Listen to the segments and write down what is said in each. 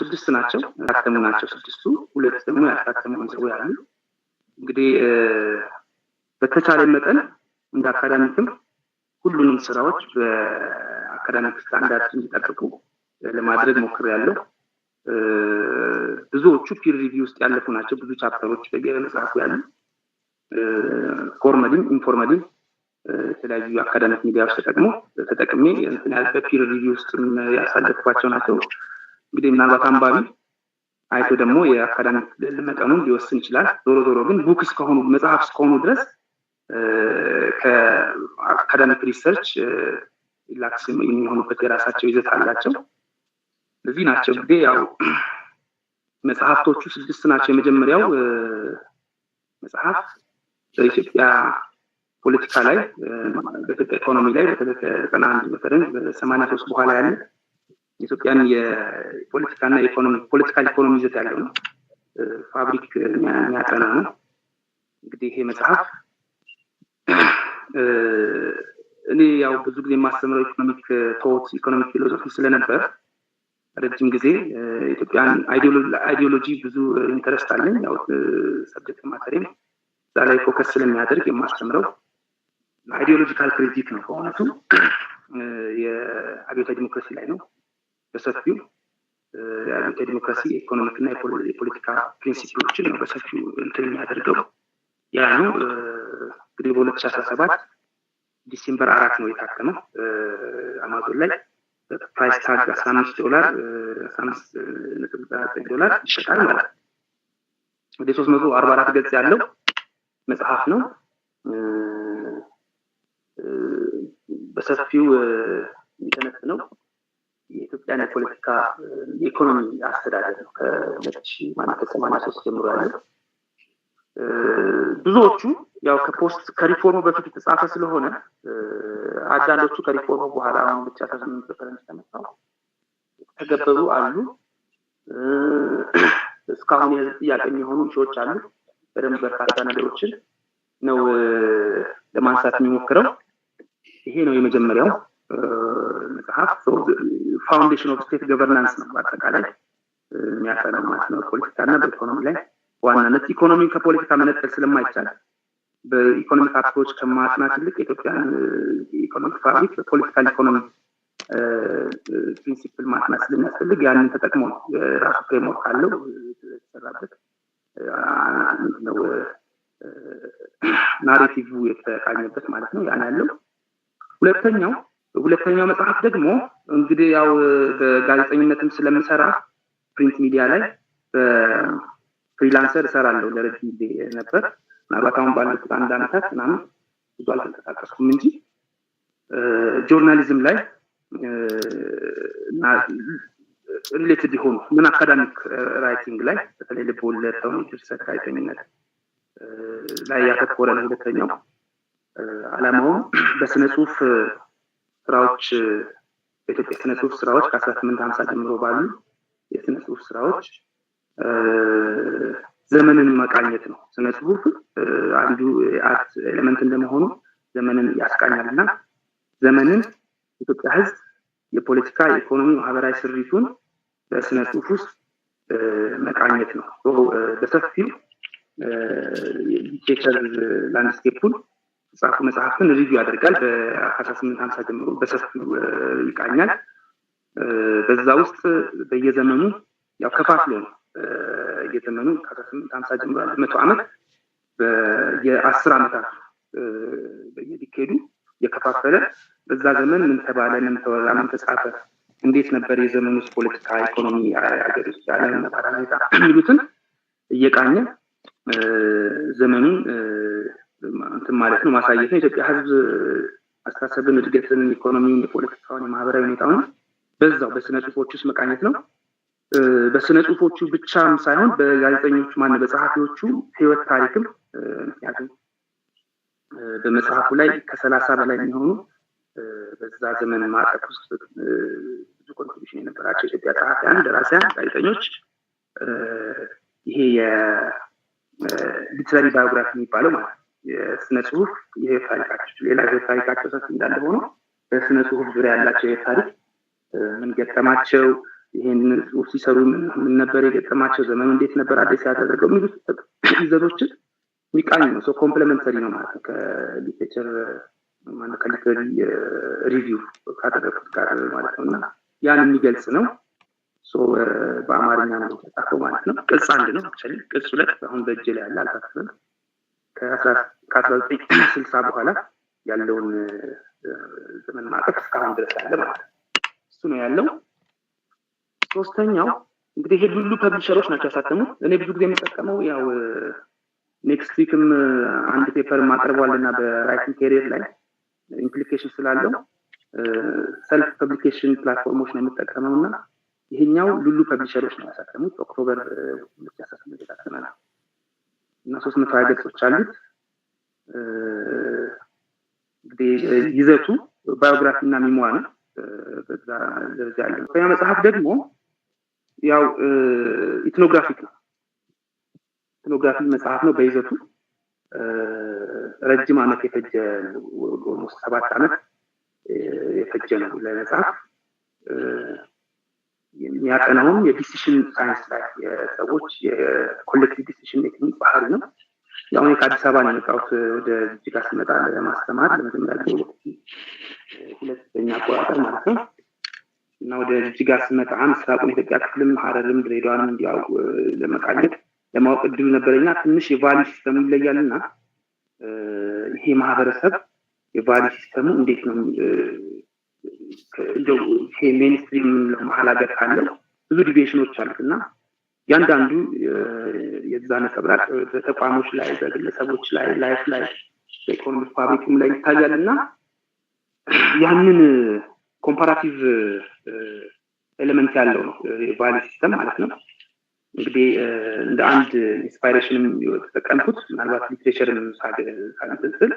ስድስት ናቸው ያታተሙ ናቸው ስድስቱ። ሁለት ደግሞ ያታተሙ አንስቦ ያሉ እንግዲህ በተቻለ መጠን እንደ አካዳሚክም ሁሉንም ስራዎች በአካዳሚክ ስታንዳርድ እንዲጠብቁ ለማድረግ ያለው ብዙዎቹ ፒር ሪቪው ውስጥ ያለፉ ናቸው። ብዙ ቻፕተሮች መጽሐፉ ያሉ ፎርመሊም ኢንፎርመሊም የተለያዩ አካዳሚክ ሚዲያዎች ተጠቅሞ ተጠቅሜ በፒር ሪቪው ውስጥ ያሳለፍኳቸው ናቸው። እንግዲህ ምናልባት አንባቢ አይቶ ደግሞ የአካዳሚክ መጠኑን ሊወስን ይችላል። ዞሮ ዞሮ ግን ቡክ እስከሆኑ መጽሐፍ እስከሆኑ ድረስ ከአካዳሚክ ሪሰርች ላክስ የሚሆኑበት የራሳቸው ይዘት አላቸው። እዚህ ናቸው ጊዜ ያው መጽሐፍቶቹ ስድስት ናቸው። የመጀመሪያው መጽሐፍ በኢትዮጵያ ፖለቲካ ላይ በኢትዮጵያ ኢኮኖሚ ላይ በተለ ጠና አንድ በተለይ በሰማኒያ ሶስት በኋላ ያለ የኢትዮጵያን የፖለቲካና ፖለቲካል ኢኮኖሚ ይዘት ያለው ነው። ፋብሪክ የሚያጠና ነው። እንግዲህ ይሄ መጽሐፍ እኔ ያው ብዙ ጊዜ የማስተምረው ኢኮኖሚክ ቶት ኢኮኖሚክ ፊሎሶፊ ስለነበር ረጅም ጊዜ ኢትዮጵያን አይዲዮሎጂ ብዙ ኢንተረስት አለኝ። ያው ሰብጀክት ማተሬም እዛ ላይ ፎከስ ስለሚያደርግ የማስተምረው አይዲዮሎጂካል ክሬዲት ነው። በእውነቱ የአብዮታ ዲሞክራሲ ላይ ነው። በሰፊው ያሉት የዲሞክራሲ ኢኮኖሚክና የፖለቲካ ፕሪንሲፕሎችን ነው በሰፊው እንትን የሚያደርገው ያ ነው። እንግዲህ በሁለት ሺ አስራ ሰባት ዲሴምበር አራት ነው የታተመው አማዞን ላይ ፕራይስ ታግ አስራ አምስት ዶላር አስራ አምስት ነጥብ ዘጠኝ ዶላር ይሸጣል ማለት ነው። ወደ ሶስት መቶ አርባ አራት ገጽ ያለው መጽሐፍ ነው። በሰፊው የተነት ነው የኢትዮጵያን የፖለቲካ የኢኮኖሚ አስተዳደር ነው። ከሁለት ሶስት ጀምሮ ያለ ብዙዎቹ ያው ከፖስት ከሪፎርሙ በፊት የተጻፈ ስለሆነ አንዳንዶቹ ከሪፎርሙ በኋላ አሁን ብቻ ከስምንት ፐርሰንት ተመጣው ተገበሩ አሉ። እስካሁን የህዝብ ጥያቄ የሚሆኑ ሰዎች አሉ። በደንብ በርካታ ነገሮችን ነው ለማንሳት የሚሞክረው። ይሄ ነው የመጀመሪያው። መጽሐፍ ፋውንዴሽን ኦፍ ስቴት ገቨርናንስ ነው በአጠቃላይ የሚያጠነው ማለት ነው። ፖለቲካና በኢኮኖሚ ላይ ዋናነት ኢኮኖሚን ከፖለቲካ መነጠል ስለማይቻል በኢኮኖሚ ካፕቶች ከማጥናት ይልቅ የኢትዮጵያን ኢኮኖሚ ፋብሪክ በፖለቲካል ኢኮኖሚ ፕሪንሲፕል ማጥናት ስለሚያስፈልግ ያንን ተጠቅሞ ነው የራሱ ፍሬምወርክ አለው የተሰራበት ነው ናሬቲቭ የተቃኘበት ማለት ነው። ያን ያለው ሁለተኛው ሁለተኛው መጽሐፍ ደግሞ እንግዲህ ያው በጋዜጠኝነትም ስለምሰራ ፕሪንት ሚዲያ ላይ ፍሪላንሰር እሰራለሁ ለረጅም ጊዜ ነበር። ምናልባት አሁን ባለፉት አንድ አመታት ምናምን ብዙ አልተንቀሳቀስኩም እንጂ ጆርናሊዝም ላይ ሪሌትድ የሆኑ ምን አካዳሚክ ራይቲንግ ላይ በተለይ ልብ ወለድ ድርሰት ጋዜጠኝነት ላይ ያተኮረ ነው። ሁለተኛው አላማውም በስነ ጽሁፍ ስራዎች በኢትዮጵያ የስነ ጽሁፍ ስራዎች ከአስራ ስምንት ሀምሳ ጀምሮ ባሉ የስነ ጽሁፍ ስራዎች ዘመንን መቃኘት ነው። ስነ ጽሁፍ አንዱ የአርት ኤሌመንት እንደመሆኑ ዘመንን ያስቃኛል እና ዘመንን ኢትዮጵያ ህዝብ የፖለቲካ፣ የኢኮኖሚ፣ ማህበራዊ ስሪቱን በስነ ጽሁፍ ውስጥ መቃኘት ነው። በሰፊው ሊትሬቸር ላንድስኬፑን ጻፍ መጽሐፍን ሪቪው ያደርጋል። በአስራ ስምንት ሀምሳ ጀምሮ በሰፊው ይቃኛል። በዛ ውስጥ በየዘመኑ ያው ከፋፍሎ ነው እየዘመኑ ከአስራ ስምንት ሀምሳ ጀምሮ መቶ ዓመት የአስር ዓመታት በየዲኬዱ የከፋፈለ በዛ ዘመን ምን ተባለ፣ ምን ተወራ፣ ምን ተጻፈ፣ እንዴት ነበር የዘመኑ ውስጥ ፖለቲካ፣ ኢኮኖሚ፣ ሀገር ውስጥ ያለ ነባራዊ ሁኔታ የሚሉትን እየቃኘ ዘመኑን ማለት ነው ማሳየት ነው። የኢትዮጵያ ህዝብ አስተሳሰብን፣ እድገትን፣ ኢኮኖሚን የፖለቲካውን፣ የማህበራዊ ሁኔታውን በዛው በስነ ጽሁፎች ውስጥ መቃኘት ነው። በስነ ጽሁፎቹ ብቻም ሳይሆን በጋዜጠኞቹ ማነ በጸሐፊዎቹ ህይወት ታሪክም ምክንያቱም በመጽሐፉ ላይ ከሰላሳ በላይ የሚሆኑ በዛ ዘመን ማዕቀፍ ውስጥ ብዙ ኮንትሪቢሽን የነበራቸው ኢትዮጵያ ጸሐፊያን፣ ደራሲያን፣ ጋዜጠኞች ይሄ የሊትራሪ ባዮግራፊ የሚባለው ማለት ነው የስነ ጽሁፍ የህይወት ታሪካቸው ሌላ ህይወት ታሪካቸው ሰፊ እንዳለ ሆኖ በስነ ጽሁፍ ዙሪያ ያላቸው የህይወት ታሪክ ምን ገጠማቸው፣ ይህን ጽሁፍ ሲሰሩ ምን ነበር የገጠማቸው፣ ዘመኑ እንዴት ነበር አዲስ ያደረገው የሚሉ ይዘቶችን የሚቃኝ ነው። ሰው ኮምፕለመንተሪ ነው ማለት ነው ከሊቴቸር ከሊትሬሪ ሪቪው ካደረጉት ጋር ማለት ነው እና ያን የሚገልጽ ነው። በአማርኛ ነው የተጻፈው ማለት ነው። ቅጽ አንድ ነው። ቅጽ ሁለት አሁን በእጅ ላይ ያለ አልታስብም ከአስራ ዘጠኝ ስልሳ በኋላ ያለውን ዘመን ማዕቀፍ እስካሁን ድረስ ያለ ማለት ነው። እሱ ነው ያለው። ሶስተኛው እንግዲህ ይሄ ሁሉ ፐብሊሸሮች ናቸው ያሳተሙት። እኔ ብዙ ጊዜ የምጠቀመው ያው ኔክስት ዊክም አንድ ፔፐር ማቅርቧልና በራይቲንግ ኬሪየር ላይ ኢምፕሊኬሽን ስላለው ሰልፍ ፐብሊኬሽን ፕላትፎርሞች ነው የምጠቀመው እና ይሄኛው ሉሉ ፐብሊሸሮች ነው ያሳተሙት ኦክቶበር ሁለት ነው እና ሶስት መቶ ሀያ ገጾች አሉት። እንግዲህ ይዘቱ ባዮግራፊ እና ሚሞዋ ነው። በዛ ደረጃ ያለ ያ መጽሐፍ ደግሞ ያው ኢትኖግራፊክ ነው። ኢትኖግራፊ መጽሐፍ ነው በይዘቱ ረጅም አመት የፈጀ ኦልሞስት ሰባት አመት የፈጀ ነው ለመጽሐፍ የሚያጠናውም የዲሲሽን ሳይንስ ላይ የሰዎች የኮሌክቲቭ ዲሲሽን ሜኪንግ ባህሪ ነው። ያው ከአዲስ አበባ ነው የመጣሁት። ወደ ጅጋ ስመጣ ለማስተማር ለመጀመሪያ ጊዜ ሁለተኛ አቆጣጠር ማለት ነው እና ወደ ጅጋ ስመጣ ምስራቁን ኢትዮጵያ ክፍልም ሀረርም ድሬዳዋን እንዲያው ለመቃኘት ለማወቅ እድሉ ነበረና ትንሽ የቫሊ ሲስተሙ ይለያል እና ይሄ ማህበረሰብ የቫሊ ሲስተሙ እንዴት ነው ይሄ ሜንስትሪም መሀል ሀገር ካለው ብዙ ዲቪዬሽኖች አሉት እና እያንዳንዱ የዛ ነጸብራቅ በተቋሞች ላይ በግለሰቦች ላይ ላይፍ ላይ በኢኮኖሚ ፋብሪክም ላይ ይታያል እና ያንን ኮምፓራቲቭ ኤሌመንት uh, ያለው ነው የቫሊ ሲስተም ማለት ነው እንግዲህ uh, እንደ አንድ ኢንስፓይሬሽንም የተጠቀምኩት ምናልባት ሊትሬቸርም ሳንስል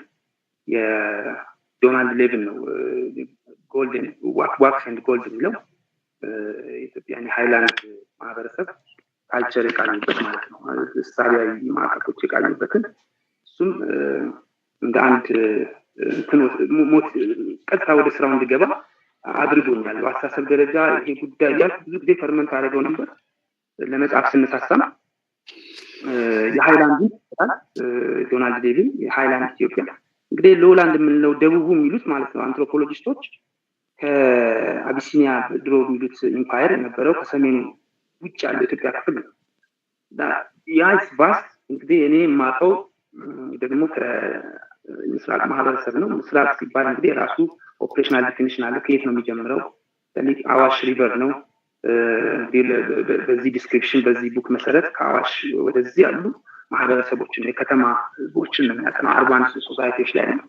የዶናልድ ሌቭን ነው uh, ጎልድ ዋክስ ንድ ጎልድ የሚለው የኢትዮጵያን የሀይላንድ ማህበረሰብ ካልቸር የቃኙበት ማለት ነው። ሳቢያዊ ማዕቀፎች የቃኙበትን እሱም እንደ አንድ ቀጥታ ወደ ስራው እንድገባ አድርጎኛል። በአስተሳሰብ ደረጃ ይሄ ጉዳይ ያል ብዙ ጊዜ ፈርመንት አደረገው ነበር። ለመጽሐፍ ስነሳሳም የሀይላንድ ዶናልድ ዴቪን የሃይላንድ ኢትዮጵያ እንግዲህ ሎላንድ የምንለው ደቡቡ የሚሉት ማለት ነው አንትሮፖሎጂስቶች ከአቢሲኒያ ድሮ የሚሉት ኢምፓየር የነበረው ከሰሜኑ ውጭ ያለው ኢትዮጵያ ክፍል ነው። ያ ባስ እንግዲህ እኔ የማቀው ደግሞ ከምስራቅ ማህበረሰብ ነው። ምስራቅ ሲባል እንግዲህ የራሱ ኦፕሬሽናል ዲፊኒሽን አለ። ከየት ነው የሚጀምረው? አዋሽ ሪቨር ነው። በዚህ ዲስክሪፕሽን በዚህ ቡክ መሰረት ከአዋሽ ወደዚህ ያሉ ማህበረሰቦችን የከተማ ህዝቦችን ነው የሚያጠነው አርባንድ ሶሳይቲዎች ላይ ነው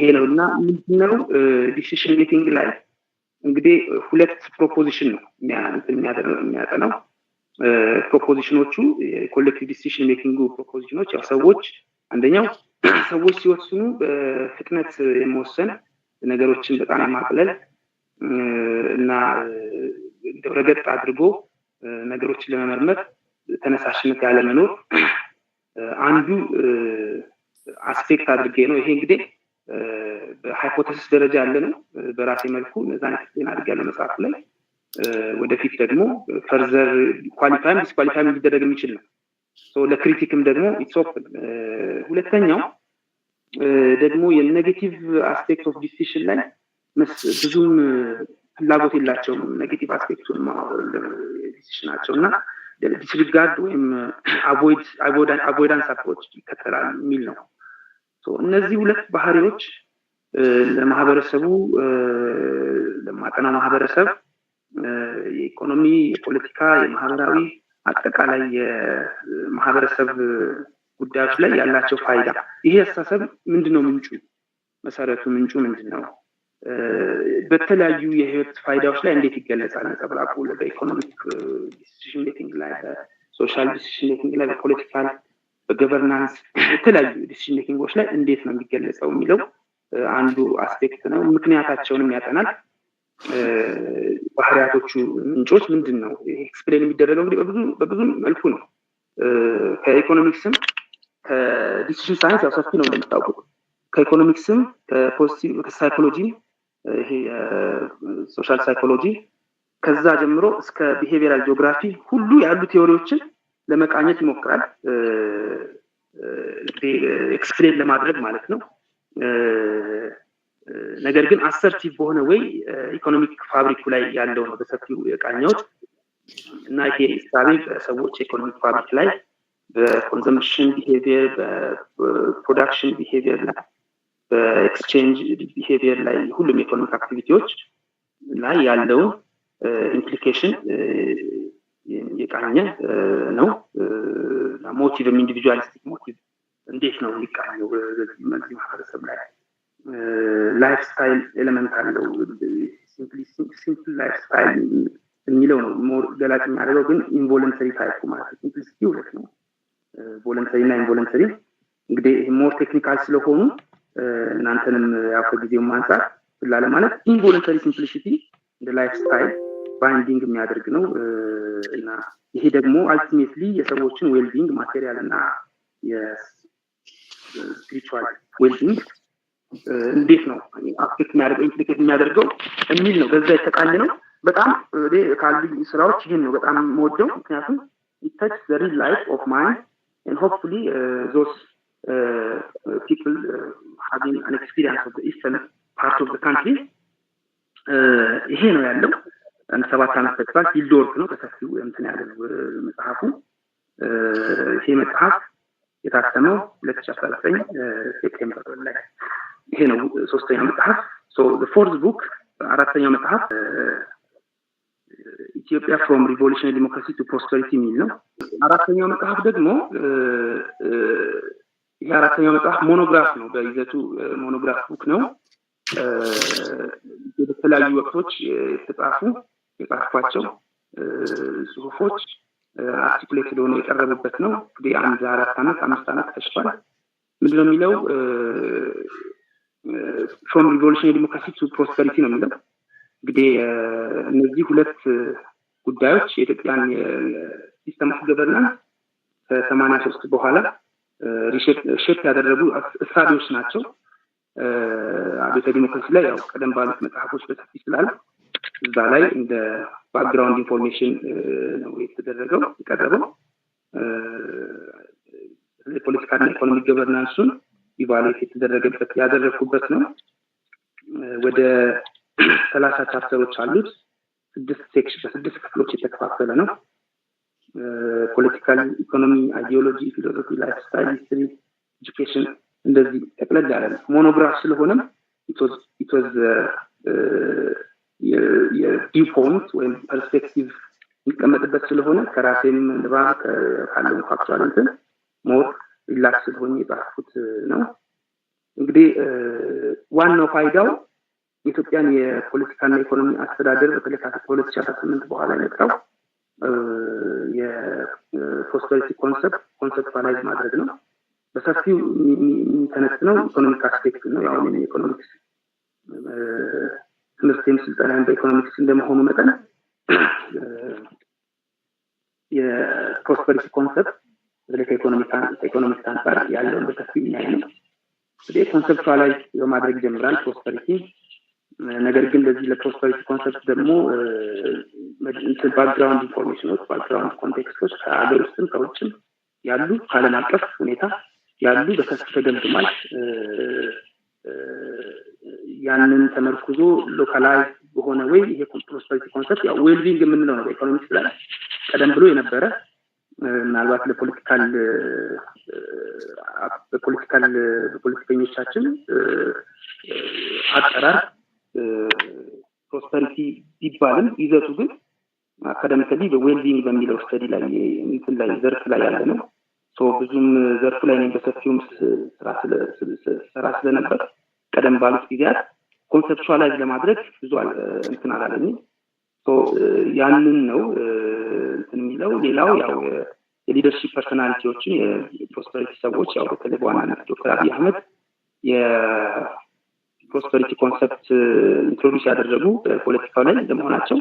ይሄ ነው እና ምንድነው ዲሲሽን ሜኪንግ ላይ እንግዲህ ሁለት ፕሮፖዚሽን ነው የሚያጠናው። ፕሮፖዚሽኖቹ የኮሌክቲቭ ዲሲሽን ሜኪንግ ፕሮፖዚሽኖች ያው ሰዎች አንደኛው ሰዎች ሲወስኑ በፍጥነት የመወሰን ነገሮችን በጣም የማቅለል እና ረገጥ አድርጎ ነገሮችን ለመመርመር ተነሳሽነት ያለመኖር አንዱ አስፔክት አድርጌ ነው። ይሄ እንግዲህ በሃይፖቴሲስ ደረጃ ያለ ነው። በራሴ መልኩ እነዛን አድርግ ያለ መጽሐፍ ላይ። ወደፊት ደግሞ ፈርዘር ኳሊፋይም ዲስኳሊፋይም ሊደረግ የሚችል ነው። ለክሪቲክም ደግሞ ኢትሶፕ ሁለተኛው ደግሞ የኔጌቲቭ አስፔክት ኦፍ ዲሲሽን ላይ ብዙም ፍላጎት የላቸውም። ኔጌቲቭ አስፔክቱን ናቸው እና ዲስሪጋርድ ወይም አቮይዳንስ አፕሮች ይከተላል የሚል ነው። እነዚህ ሁለት ባህሪዎች ለማህበረሰቡ ለማጠና ማህበረሰብ የኢኮኖሚ፣ የፖለቲካ፣ የማህበራዊ አጠቃላይ የማህበረሰብ ጉዳዮች ላይ ያላቸው ፋይዳ ይሄ አስተሳሰብ ምንድነው ምንጩ መሰረቱ ምንጩ ምንድን ነው? በተለያዩ የህይወት ፋይዳዎች ላይ እንዴት ይገለጻል? ነጸብራቁ በኢኮኖሚክ ዲሲሽን ሜኪንግ ላይ፣ በሶሻል ዲሲሽን ሜኪንግ ላይ፣ በፖለቲካል በገቨርናንስ የተለያዩ ዲሲሽን ሜኪንጎች ላይ እንዴት ነው የሚገለጸው የሚለው አንዱ አስፔክት ነው። ምክንያታቸውንም ያጠናል። ባህሪያቶቹ ምንጮች ምንድን ነው? ኤክስፕሌን የሚደረገው እንግዲህ በብዙ መልኩ ነው። ከኢኮኖሚክስም ከዲሲሽን ሳይንስ ያው ሰፊ ነው እንደምታውቁ፣ ከኢኮኖሚክስም ከሳይኮሎጂ ይሄ ሶሻል ሳይኮሎጂ ከዛ ጀምሮ እስከ ቢሄቪራል ጂኦግራፊ ሁሉ ያሉ ቴዎሪዎችን ለመቃኘት ይሞክራል፣ ኤክስፕሌን ለማድረግ ማለት ነው። ነገር ግን አሰርቲቭ በሆነ ወይ ኢኮኖሚክ ፋብሪኩ ላይ ያለው ነው በሰፊው የቃኘሁት እና ይሄ በሰዎች ኢኮኖሚክ ፋብሪክ ላይ በኮንዘምፕሽን ቢሄቪየር በፕሮዳክሽን ቢሄቪየር ላይ በኤክስቼንጅ ቢሄቪየር ላይ ሁሉም የኢኮኖሚክ አክቲቪቲዎች ላይ ያለውን ኢምፕሊኬሽን የቃኘ ነው። ሞቲቭም ኢንዲቪጁዋሊስቲክ ሞቲቭ እንዴት ነው የሚቃኘው? በዚህ ማህበረሰብ ላይ ላይፍ ስታይል ኤለመንት አለው። ሲምፕል ላይፍ ስታይል የሚለው ነው ሞር ገላጭ የሚያደርገው ግን ኢንቮለንተሪ ታይፕ ማለት ሲምፕሊሲቲ ሁለት ነው፣ ቮለንተሪ እና ኢንቮለንተሪ። እንግዲህ ሞር ቴክኒካል ስለሆኑ እናንተንም ያው ከጊዜውም አንጻር ላለ ማለት ኢንቮለንተሪ ሲምፕሊሲቲ እንደ ላይፍ ስታይል ባይንዲንግ የሚያደርግ ነው እና ይሄ ደግሞ አልቲሜትሊ የሰዎችን ዌልቢንግ ማቴሪያል እና የስፒሪል ዌልቢንግ እንዴት ነው አፌክት የሚያደርገው ኢምፕሊኬት የሚያደርገው የሚል ነው። በዛ የተቃኝ ነው። በጣም ካሉ ስራዎች ይህን ነው በጣም የምወደው፣ ምክንያቱም ይተች ዘ ላይፍ ኦፍ ማይንድ ሆፕፉሊ ዞስ ፒፕል ሃቪንግ አን ኤክስፒሪንስ ኢስተን ፓርት ኦፍ ካንትሪ ይሄ ነው ያለው። ሰባት ዓመት ፈጅቷል። ፊልድ ወርክ ነው ከሰፊው እንትን ያለ መጽሐፉ። ይሄ መጽሐፍ የታተመው ሁለት ሺ አስራ ዘጠኝ ሴፕቴምበር ላይ ይሄ ነው ሶስተኛው መጽሐፍ። ፎርዝ ቡክ አራተኛው መጽሐፍ ኢትዮጵያ ፍሮም ሪቮሉሽን ዲሞክራሲ ቱ ፕሮስፐሪቲ የሚል ነው። አራተኛው መጽሐፍ ደግሞ ይሄ አራተኛው መጽሐፍ ሞኖግራፍ ነው። በይዘቱ ሞኖግራፍ ቡክ ነው። በተለያዩ ወቅቶች የተጻፉ የጻፍኳቸው ጽሁፎች አርቲኩሌት ሆኖ የቀረቡበት ነው። እንግዲህ አንድ አራት ዓመት አምስት አመት ተሽፏል። ምንድነው የሚለው ፍሮም ሪቮሉሽን የዲሞክራሲ ቱ ፕሮስፐሪቲ ነው የሚለው። እንግዲህ እነዚህ ሁለት ጉዳዮች የኢትዮጵያን ሲስተም ኦፍ ገቨርናንስ ከሰማኒያ ሶስት በኋላ ሼፕ ያደረጉ እሳቤዎች ናቸው። አቤተ ዲሞክራሲ ላይ ያው ቀደም ባሉት መጽሐፎች በሰፊ ስላለ እዛ ላይ እንደ ባክግራውንድ ኢንፎርሜሽን ነው የተደረገው የቀረበው። የፖለቲካና ኢኮኖሚ ገቨርናንሱን ኢቫሌት የተደረገበት ያደረግኩበት ነው። ወደ ሰላሳ ቻፕተሮች አሉት። ስድስት ሴክሽን በስድስት ክፍሎች የተከፋፈለ ነው። ፖለቲካል ኢኮኖሚ፣ አይዲዮሎጂ፣ ፊሎሶፊ፣ ላይፍ ስታይል፣ ስትሪ ኤጁኬሽን እንደዚህ ጠቅለል ያለ ነው። ሞኖግራፍ ስለሆነም ኢትወዝ የቪውፖይንት ወይም ፐርስፔክቲቭ የሚቀመጥበት ስለሆነ ከራሴም ንባብ ካለው ፋክቹዋል እንትን ሞር ሪላክስ ሆኜ የጻፍኩት ነው። እንግዲህ ዋናው ፋይዳው የኢትዮጵያን የፖለቲካና ኢኮኖሚ አስተዳደር በተለይ ከሁለት ሺህ አስራ ስምንት በኋላ የመጣው የፕሮስፐሪቲ ኮንሰፕት ኮንሰፕቱላይዝ ማድረግ ነው። በሰፊው የሚተነትነው ኢኮኖሚክ አስፔክት ነው። የአሁኑ የኢኮኖሚክስ ትምህርቴም ስልጠናን በኢኮኖሚክስ እንደመሆኑ መጠን የፕሮስፐሪቲ ኮንሰፕት በተለይ ከኢኮኖሚክስ አንጻር ያለውን በሰፊ የሚያይ ነው። እንግዲህ ኮንሰፕቹዋላይዝ በማድረግ ጀምራል ፕሮስፐሪቲ። ነገር ግን ለዚህ ለፕሮስፐሪቲ ኮንሰፕት ደግሞ ባክግራውንድ ኢንፎርሜሽኖች፣ ባክግራውንድ ኮንቴክስቶች ከሀገር ውስጥም ከውጭም ያሉ ከአለም አቀፍ ሁኔታ ያሉ በሰፊ ተገምግሟል። ያንን ተመርኩዞ ሎካላይ በሆነ ወይ ይሄ ፕሮስፐሪቲ ኮንሰፕት ያው ዌልቢንግ የምንለው ነው በኢኮኖሚክስ ላይ ቀደም ብሎ የነበረ ምናልባት ለፖለቲካል በፖለቲካል በፖለቲከኞቻችን አጠራር ፕሮስፐሪቲ ቢባልም ይዘቱ ግን አካደሚካሊ በዌልቢንግ በሚለው ስተዲ ላይ እንትን ላይ ዘርፍ ላይ ያለ ነው። ብዙም ዘርፉ ላይ በሰፊውም ስራ ስለነበር ቀደም ባሉት ጊዜያት ኮንሰፕቹዋላይዝ ለማድረግ ብዙ እንትን አላለኝ። ያንን ነው እንትን የሚለው። ሌላው ያው የሊደርሺፕ ፐርሶናሊቲዎችን የፕሮስፐሪቲ ሰዎች ያው በተለይ በዋናነት ዶክተር አብይ አህመድ የፕሮስፐሪቲ ኮንሰፕት ኢንትሮዲስ ያደረጉ ፖለቲካው ላይ ለመሆናቸው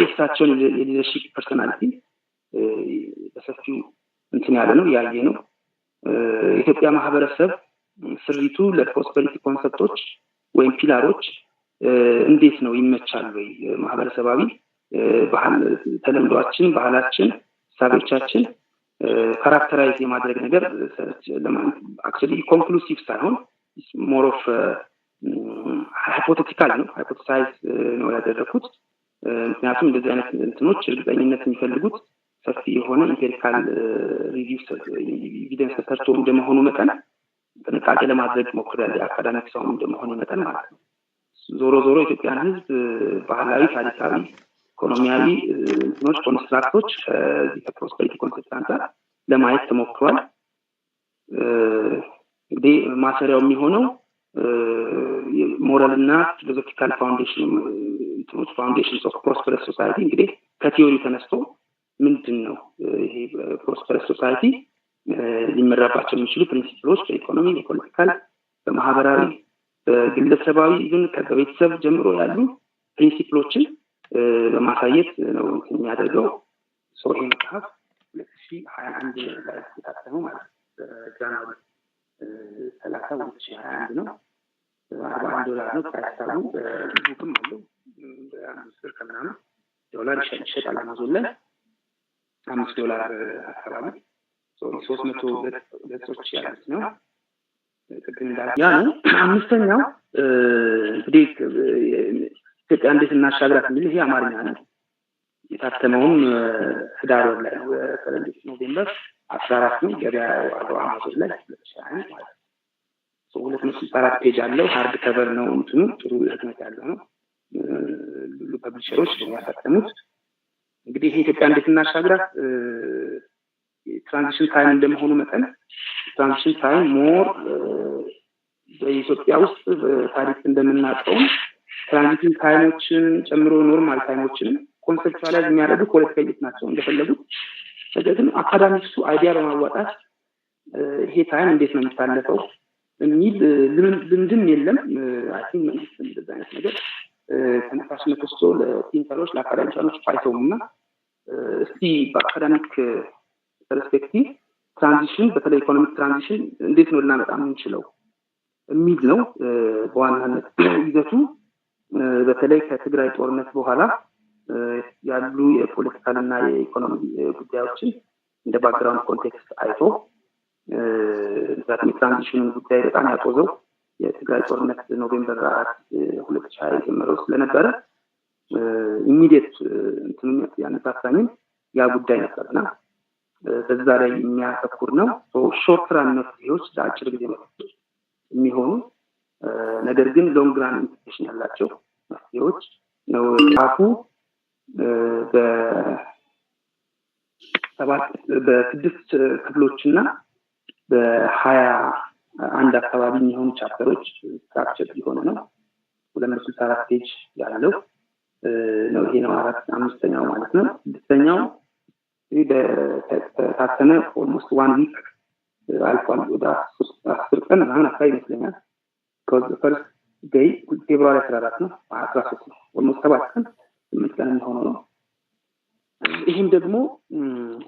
የእሳቸውን የሊደርሽፕ ፐርሶናሊቲ በሰፊው እንትን ያለ ነው ያየ ነው። የኢትዮጵያ ማህበረሰብ ስሪቱ ለፕሮስፐሪቲ ኮንሰፕቶች ወይም ፒላሮች እንዴት ነው ይመቻል ወይ? ማህበረሰባዊ ተለምዷችን፣ ባህላችን፣ ሳቤቻችን ካራክተራይዝ የማድረግ ነገር ኮንክሉሲቭ ሳይሆን ሞር ኦፍ ሃይፖቴቲካል ነው፣ ሃይፖቴሳይዝ ነው ያደረግኩት። ምክንያቱም እንደዚህ አይነት እንትኖች እርግጠኝነት የሚፈልጉት ሰፊ የሆነ ኢምፔሪካል ሪቪው ኤቪደንስ ተሰርቶ እንደመሆኑ መጠን ጥንቃቄ ለማድረግ ሞክሬያለሁ። የአካዳሚክ ሰውም እንደመሆኑ መጠን ማለት ነው። ዞሮ ዞሮ ኢትዮጵያን ህዝብ ባህላዊ፣ ታሪካዊ፣ ኢኮኖሚያዊ ኖች ኮንስትራክቶች ከዚህ ከፕሮስፐሪቲ ኮንሴፕት አንጻር ለማየት ተሞክሯል። እንግዲህ ማሰሪያው የሚሆነው ሞራል እና ፊሎዞፊካል ፋውንዴሽን እንትኖች ፋውንዴሽን ኦፍ ፕሮስፐረስ ሶሳይቲ እንግዲህ ከቲዮሪ ተነስቶ ምንድን ነው ይሄ ፕሮስፐረስ ሶሳይቲ ሊመራባቸው የሚችሉ ፕሪንሲፕሎች በኢኮኖሚ፣ በፖለቲካል፣ በማህበራዊ፣ በግለሰባዊ ግን ከቤተሰብ ጀምሮ ያሉ ፕሪንሲፕሎችን በማሳየት ነው የሚያደርገው። ሰው ይህ መጽሐፍ ሁለት ሺ ሀያ አንድ ላይ የታተመው ማለት ነው። ሰላሳ ሁለት ሺ ሀያ አንድ ነው። አርባ አንድ ዶላር ነው ፕራይስታሉ። በቡክም አለው በአምስት ብር ከምናምን ዶላር ይሸጣል አማዞን ላይ አምስት ዶላር አካባቢ ሶስት መቶ ገጾች ያሉት ነው። ያ ነው። አምስተኛው እንግዲህ ኢትዮጵያ እንዴት እናሻግራት የሚል ይሄ አማርኛ ነው። የታተመውም ህዳር ወር ላይ ነው። ኖቬምበር አስራ አራት ነው ገበያ ዋለው አማዞን ላይ ሁለት ሺ ሀያ መቶ ስልሳ አራት ፔጅ አለው። ሀርድ ከቨር ነው እንትኑ ጥሩ ህትመት ያለው ነው። ሉ ፐብሊሸሮች ነው ያሳተሙት። እንግዲህ ይሄ ኢትዮጵያ እንዴት እናሻግራት ትራንዚሽን ታይም እንደመሆኑ መጠን ትራንዚሽን ታይም ሞር በኢትዮጵያ ውስጥ ታሪክ እንደምናውቀው ትራንዚሽን ታይሞችን ጨምሮ ኖርማል ታይሞችን ኮንሰፕቹላይዝ የሚያደርጉ ፖለቲከኞች ናቸው እንደፈለጉት። ነገር ግን አካዳሚክሱ አይዲያ በማዋጣት ይሄ ታይም እንዴት ነው የሚታለፈው የሚል ልምድም የለም። አይ መንግስት እንደዚ አይነት ነገር ተነሳሽነት ወስዶ ለቲንከሮች ለአካዳሚቻኖች ፋይተውም እና እስቲ በአካዳሚክ ሬስፔክቲቭ ትራንዚሽን በተለይ ኢኮኖሚክ ትራንዚሽን እንዴት ነው ልናመጣ የምንችለው የሚል ነው። በዋናነት ይዘቱ በተለይ ከትግራይ ጦርነት በኋላ ያሉ የፖለቲካል እና የኢኮኖሚ ጉዳዮችን እንደ ባክግራውንድ ኮንቴክስት አይቶ ምክንያቱም የትራንዚሽኑን ጉዳይ በጣም ያቆዘው የትግራይ ጦርነት ኖቬምበር አራት ሁለት ሻ የጀመረው ስለነበረ ኢሚዲየት እንትኑ ያነሳሳኝም ያ ጉዳይ ነበርና በዛ ላይ የሚያተኩር ነው። ሾርት ራን መፍትሄዎች ለአጭር ጊዜ መፍትሄ የሚሆኑ ነገር ግን ሎንግ ራን ኢምፕሊኬሽን ያላቸው መፍትሄዎች ነው። ጫፉ በስድስት ክፍሎች እና በሀያ አንድ አካባቢ የሚሆኑ ቻፕተሮች ስትራክቸር የሆነ ነው። ሁለት መቶ ስልሳ አራት ፔጅ ያለው ነው። ይሄ ነው አራት አምስተኛው ማለት ነው። ስድስተኛው ይህ በታተነ ኦልሞስት ዋን ዊክ አልፏል። ወደ አስር ቀን ምናምን አካባቢ ይመስለኛል። ከፈርስት ደይ ፌብሩዋሪ አስራ አራት ነው አስራ ሶስት ነው ኦልሞስት ሰባት ቀን ስምንት ቀን የሚሆነው ነው። ይህም ደግሞ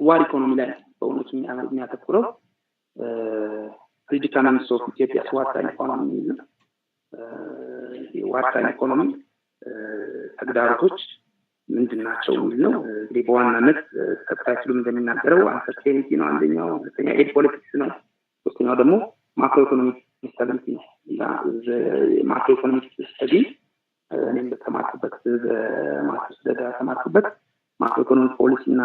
ዋር ኢኮኖሚ ላይ በእውነቱ የሚያተኩረው ፕሪዲካ ኢኮኖሚክስ ኦፍ ኢትዮጵያ ዋርታይም ኢኮኖሚ የሚል ዋርታይም ኢኮኖሚ ተግዳሮቶች ምንድን ናቸው የሚል ነው። እንግዲህ በዋናነት ሰብታይትሉም እንደሚናገረው አንሰርቴኒቲ ነው አንደኛው፣ ሁለተኛ ኤድ ፖለቲክስ ነው፣ ሶስተኛው ደግሞ ማክሮ ኢኮኖሚክ ስታቢሊቲ ነው ማክሮ ኢኮኖሚክ ስተዲ እኔም በተማርኩበት በማስተርስ ደረጃ ተማርኩበት ማክሮ ኢኮኖሚክ ፖሊሲ እና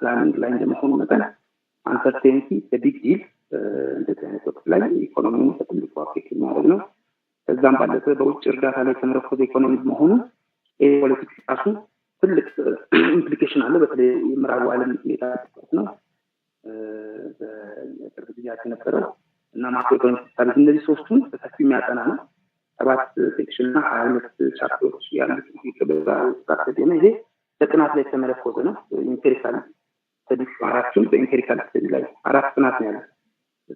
ፕላኒንግ ላይ እንደመሆኑ መጠን አንሰርቴኒቲ በቢግ ዲል እንደዚህ አይነት ወቅት ላይ ኢኮኖሚውን በትልቁ አፌክት የሚያደርግ ነው። ከዛም ባለፈ በውጭ እርዳታ ላይ ተመረኮዘ ኢኮኖሚ መሆኑ ኤ ፖለቲክስ ራሱ ትልቅ ኢምፕሊኬሽን አለ በተለይ የምዕራቡ ዓለም ሁኔታ ነው በቅርብ ጊዜያት የነበረው እና ማክሮኢኮኖሚክ ስታቢሊቲ እነዚህ ሶስቱን በሰፊ የሚያጠና ነው። ሰባት ሴክሽን እና ሀያ ሁለት ቻፕተሮች ያሉት ና ይሄ በጥናት ላይ የተመለኮተ ነው። ኢምፔሪካል ስታዲስ አራቱም በኢምፔሪካል ስተዲ ላይ አራት ጥናት ነው ያሉት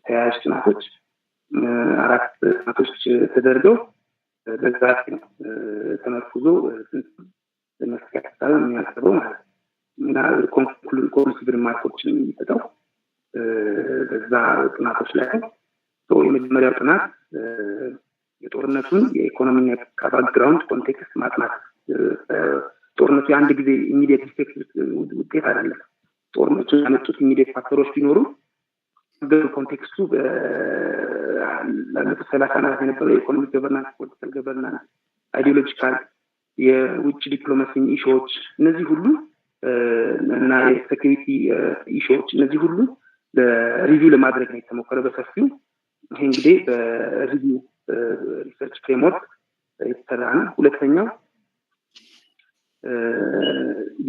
ተያያዥ ጥናቶች አራት ጥናቶች ተደርገው በዛ ተመርኩዞ ነው የሚያስበው እና ኮንሲድር ማርኮችን የሚሰጠው በዛ ጥናቶች ላይ የመጀመሪያው ጥናት የጦርነቱን የኢኮኖሚና የፖለቲካ ባክግራውንድ ኮንቴክስት ማጥናት። ጦርነቱ የአንድ ጊዜ ኢሚዲየት ኢፌክት ውጤት አይደለም። ጦርነቱ ያመጡት ኢሚዲየት ፋክተሮች ቢኖሩ ግን ኮንቴክስቱ ላለፉት ሰላሳ ናት የነበረው የኢኮኖሚክ ገቨርናንስ፣ ፖለቲካል ገቨርናንስ፣ አይዲዮሎጂካል የውጭ ዲፕሎማሲ ኢሾዎች እነዚህ ሁሉ እና የሴኪሪቲ ኢሾዎች እነዚህ ሁሉ ሪቪው ለማድረግ ነው የተሞከረ በሰፊው። ይሄ እንግዲህ በሪቪ ሪሰርች ፍሬምወርክ የተሰራ ነው። ሁለተኛው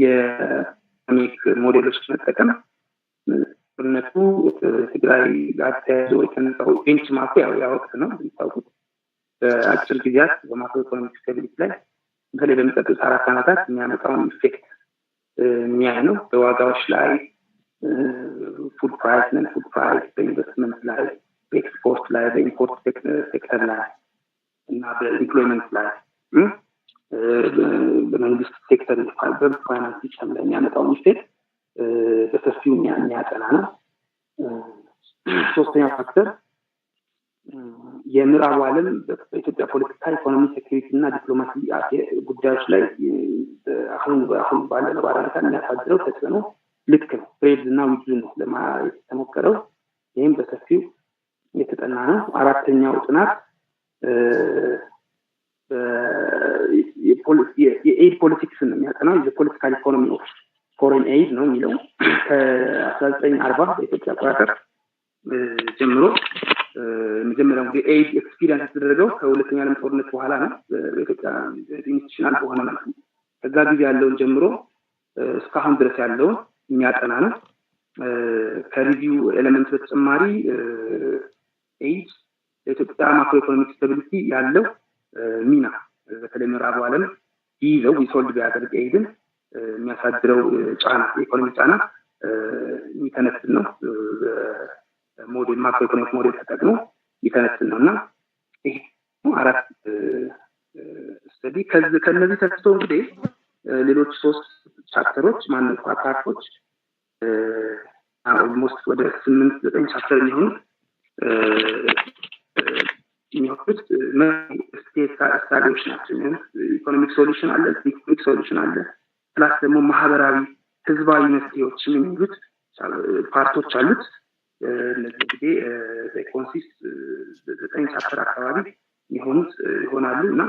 የኢኮኖሚክ ሞዴሎች መጠቀም ጦርነቱ ትግራይ ጋር ተያይዞ የተነሳው ቤንች ማርኩ ያወቅት ነው የሚታወቁት በአጭር ጊዜያት በማክሮ ኢኮኖሚክ ስቴቢሊቲ ላይ በተለይ በሚቀጥሉት አራት ዓመታት የሚያመጣውን ኢፌክት የሚያይ ነው። በዋጋዎች ላይ ፉድ ፕራይስ ነን ፉድ ፕራይስ በኢንቨስትመንት ላይ በኤክስፖርት ላይ በኢምፖርት ሴክተር ላይ እና በኢምፕሎይመንት ላይ በመንግስት ሴክተር በፋይናንስ ሲስተም ላይ የሚያመጣውን ኢፌክት በሰፊው የሚያጠና ነው። ሶስተኛው ፋክተር የምዕራቡ ዓለም በኢትዮጵያ ፖለቲካ፣ ኢኮኖሚ፣ ሴኪሪቲ እና ዲፕሎማሲ ጉዳዮች ላይ አሁን አሁን ባለነው በአሜሪካ የሚያሳድረው ተጽዕኖ ልክ ነው። ብሬድ እና ውጁ ነው የተሞከረው። ይህም በሰፊው የተጠና ነው። አራተኛው ጥናት የኤድ ፖለቲክስ ነው የሚያጠናው። የፖለቲካል ኢኮኖሚ ኦፍ ፎሬን ኤድ ነው የሚለው ከአስራ ዘጠኝ አርባ በኢትዮጵያ አቆጣጠር ጀምሮ መጀመሪያው ኤድ ኤክስፒሪንስ የተደረገው ከሁለተኛ ዓለም ጦርነት በኋላ ነው። በኢትዮጵያ ኢንስቲቱሽናል በሆነ ማለት ነው። ከዛ ጊዜ ያለውን ጀምሮ እስካሁን ድረስ ያለውን የሚያጠና ነው። ከሪቪው ኤሌመንት በተጨማሪ ኤይድ ለኢትዮጵያ ማክሮ ኢኮኖሚክ ስታቢሊቲ ያለው ሚና በተለይ ምዕራቡ አለም ይዘው ዊሶልድ ቢያደርግ ኤድን የሚያሳድረው ጫና የኢኮኖሚ ጫና የሚተነፍል ነው። ሞዴል ማክሮኢኮኖሚክ ሞዴል ተጠቅሞ ይተነትን ነው እና ይሄ አራት ስተዲ ከነዚህ ተስቶ እንግዲህ ሌሎች ሶስት ቻፕተሮች ማነ ፓርቶች ኦልሞስት ወደ ስምንት ዘጠኝ ቻፕተር የሚሆኑ የሚሆኑት ስታዲዎች ናቸው። ኢኮኖሚክ ሶሉሽን አለ፣ ኢኮኖሚክ ሶሉሽን አለ፣ ፕላስ ደግሞ ማህበራዊ ህዝባዊ መፍትሄዎች የሚሉት ፓርቶች አሉት። እነዚህ እንግዲህ ኮንሲስት ዘጠኝ ቻፕተር አካባቢ የሆኑት ይሆናሉ እና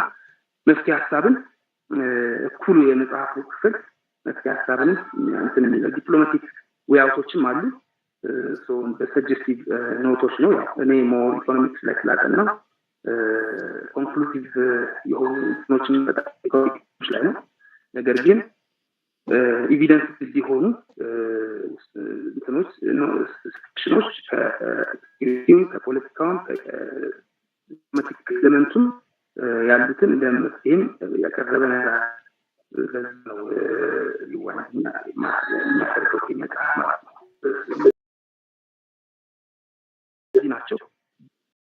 መፍትሄ ሀሳብን እኩሉ የመጽሐፉ ክፍል መፍትሄ ሀሳብንም እንትን የሚለው ዲፕሎማቲክ ውያውቶችም አሉ። በሰጀስቲቭ ኖቶች ነው። ያው እኔ ሞ ኢኮኖሚክስ ላይ ስላጠን ነው ኮንክሉሲቭ የሆኑ እንትኖችን በጣም ኢኮኖሚክስ ላይ ነው ነገር ግን ኢቪደንስ እንዲሆኑ እንትኖች ስክሽኖች ከሴኪሪቲም ከፖለቲካውን ከመቲክ ኤሌመንቱም ያሉትን እንደ መፍትሄም ያቀረበ ነገር ነው ሊወና የሚያደርገው ይመጣ ማለት ነው።